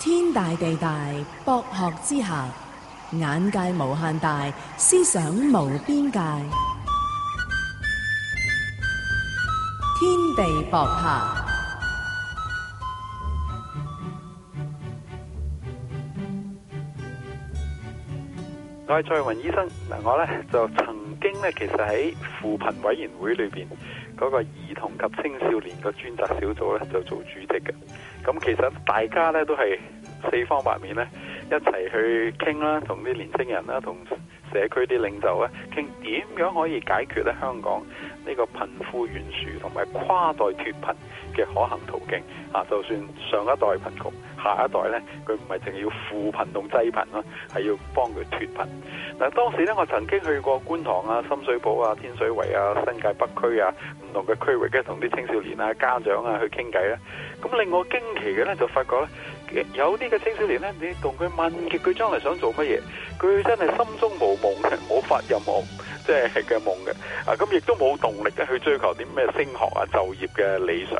天大地大，博學之下，眼界無限大，思想無邊界。天地博客，我係蔡元雲醫生嗱，我咧就曾經咧，其實喺扶貧委員會裏邊嗰個兒童及青少年個專責小組咧，就做主席嘅。咁其實大家咧都係四方八面咧，一齊去傾啦，同啲年青人啦同社區啲領袖咧，傾點樣可以解決咧香港呢個貧富懸殊同埋跨代脱貧嘅可行途徑啊！就算上一代貧窮，下一代咧佢唔係淨係要扶貧同濟貧咯，係要幫佢脫貧。嗱、啊，當時咧我曾經去過觀塘啊、深水埗啊、天水圍啊、新界北區啊唔同嘅區域咧，同、啊、啲青少年啊、家長啊去傾偈。咧，咁令我驚奇嘅咧就發覺咧。有啲嘅青少年咧，你同佢問極佢將來想做乜嘢，佢真係心中無夢嘅，冇發任何即係嘅夢嘅。啊，咁亦都冇動力咧去追求啲咩升學啊、就業嘅理想。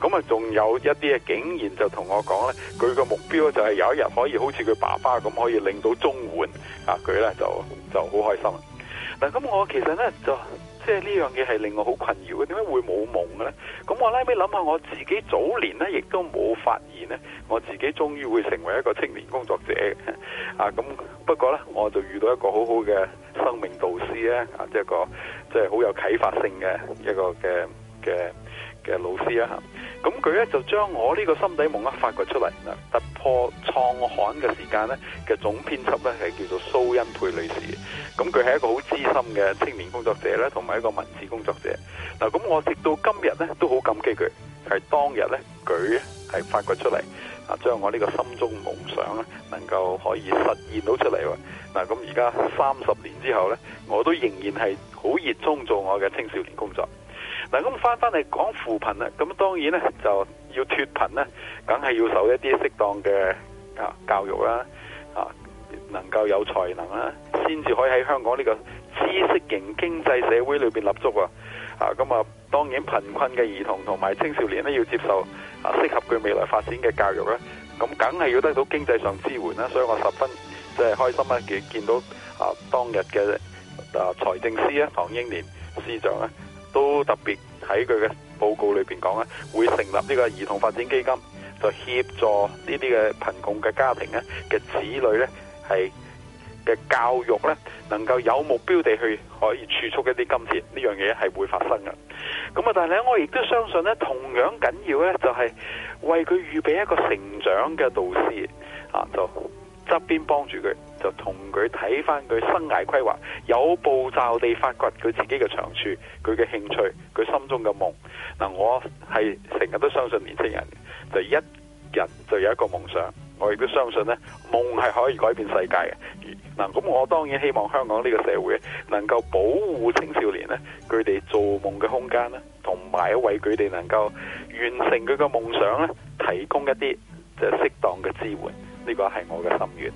咁啊，仲有一啲啊，竟然就同我講咧，佢個目標就係有一日可以好似佢爸爸咁，可以令到綜援啊，佢咧就就好開心。嗱，咁我其實咧就即係呢樣嘢係令我好困擾嘅，點解會冇夢嘅咧？咁我拉尾諗下，我自己早年咧亦都冇發。呢我自己終於會成為一個青年工作者啊。咁不過咧，我就遇到一個好好嘅生命導師咧啊，即係一個即係好有啟發性嘅一個嘅嘅嘅老師啊。咁佢咧就將我呢個心底夢啊發掘出嚟啊。突破創刊嘅時間咧嘅總編輯咧係叫做蘇恩佩女士嘅。咁佢係一個好資深嘅青年工作者咧，同埋一個文字工作者嗱。咁我直到今日咧都好感激佢，係當日咧佢。係發掘出嚟，啊，將我呢個心中夢想咧，能夠可以實現到出嚟喎。嗱，咁而家三十年之後呢，我都仍然係好熱衷做我嘅青少年工作。咁翻翻嚟講扶貧啦，咁當然呢，就要脫貧咧，梗係要受一啲適當嘅啊教育啦，啊，能夠有才能啦，先至可以喺香港呢個知識型經濟社會裏邊立足啊。啊，咁啊，當然貧困嘅兒童同埋青少年咧，要接受啊適合佢未來發展嘅教育咧，咁梗係要得到經濟上支援啦、啊。所以，我十分即係開心啊！見見到啊，當日嘅啊財政司啊，唐英年司長咧、啊，都特別喺佢嘅報告裏邊講咧，會成立呢個兒童發展基金，就協助呢啲嘅貧窮嘅家庭咧嘅子女咧係嘅教育呢，能夠有目標地去可以儲蓄一啲金錢，呢樣嘢係會發生嘅。咁啊，但係咧，我亦都相信呢，同樣緊要呢，就係、是、為佢預備一個成長嘅導師啊，就側邊幫住佢，就同佢睇返佢生涯規劃，有步驟地發掘佢自己嘅長處、佢嘅興趣、佢心中嘅夢。嗱、啊，我係成日都相信年輕人，就一人就有一個夢想。我亦都相信呢夢係可以改變世界嘅。嗱，咁我當然希望香港呢個社會能夠保護青少年咧，佢哋做夢嘅空間咧，同埋為佢哋能夠完成佢嘅夢想咧，提供一啲即係適當嘅支援。呢個係我嘅心願。